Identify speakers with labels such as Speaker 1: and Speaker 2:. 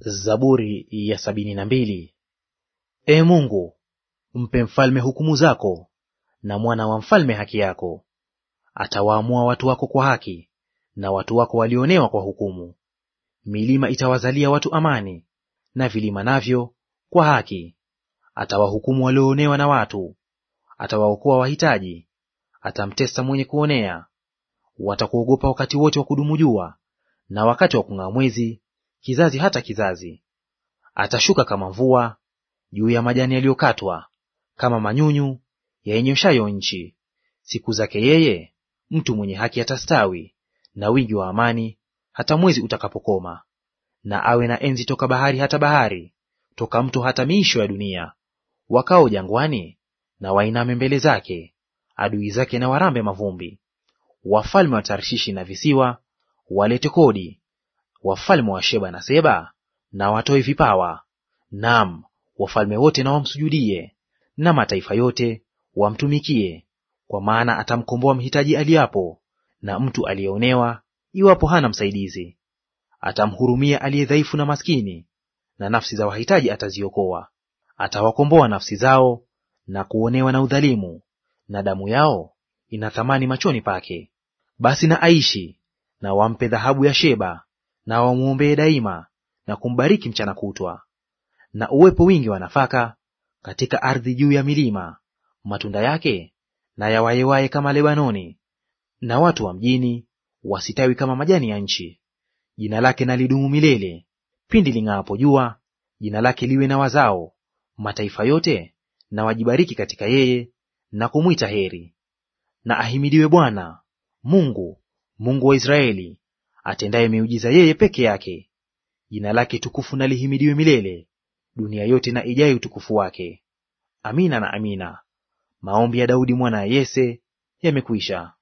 Speaker 1: Zaburi ya sabini na mbili. E Mungu, mpe mfalme hukumu zako, na mwana wa mfalme haki yako. Atawaamua watu wako kwa haki, na watu wako walionewa kwa hukumu. Milima itawazalia watu amani, na vilima navyo kwa haki. Atawahukumu walioonewa na watu, atawaokoa wahitaji, atamtesa mwenye kuonea. Watakuogopa wakati wote wa kudumu jua, na wakati wa kung'aa mwezi kizazi hata kizazi. Atashuka kama mvua juu ya majani yaliyokatwa, kama manyunyu yaenyeshayo nchi. Siku zake yeye mtu mwenye haki atastawi, na wingi wa amani hata mwezi utakapokoma. Na awe na enzi toka bahari hata bahari, toka mto hata miisho ya dunia. Wakao jangwani na wainame mbele zake, adui zake na warambe mavumbi. Wafalme wa Tarshishi na visiwa walete kodi, wafalme wa Sheba na Seba na watoe vipawa, naam, wafalme wote na wamsujudie, na mataifa yote wamtumikie. Kwa maana atamkomboa mhitaji aliapo, na mtu aliyeonewa iwapo hana msaidizi. Atamhurumia aliye dhaifu na maskini, na nafsi za wahitaji ataziokoa. Atawakomboa nafsi zao na kuonewa na udhalimu, na damu yao ina thamani machoni pake. Basi na aishi, na wampe dhahabu ya Sheba na wamwombee daima na kumbariki mchana kutwa. Na uwepo wingi wa nafaka katika ardhi juu ya milima, matunda yake na yawayewaye kama Lebanoni, na watu wa mjini wasitawi kama majani ya nchi. Jina lake na lidumu milele, pindi ling'aapo jua, jina lake liwe na wazao. Mataifa yote na wajibariki katika yeye na kumwita heri. Na ahimidiwe Bwana Mungu, Mungu wa Israeli, atendaye miujiza yeye peke yake. Jina lake tukufu na lihimidiwe milele, dunia yote na ijaye utukufu wake. Amina na amina. Maombi ya Daudi mwana ya Yese yamekwisha.